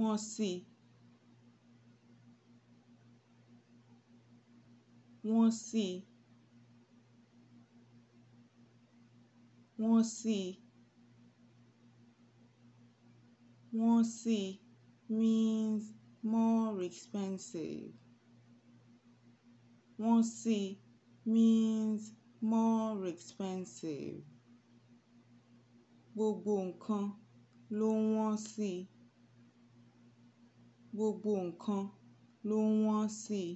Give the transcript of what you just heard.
wọ́n sì wọ́n sì wọ́n sì wọ́n sì means more expensive. Wọ́n sì means more expensive. Gbogbo nǹkan ló wọ́n sí i gbogbo nǹkan ló wọ́n sí i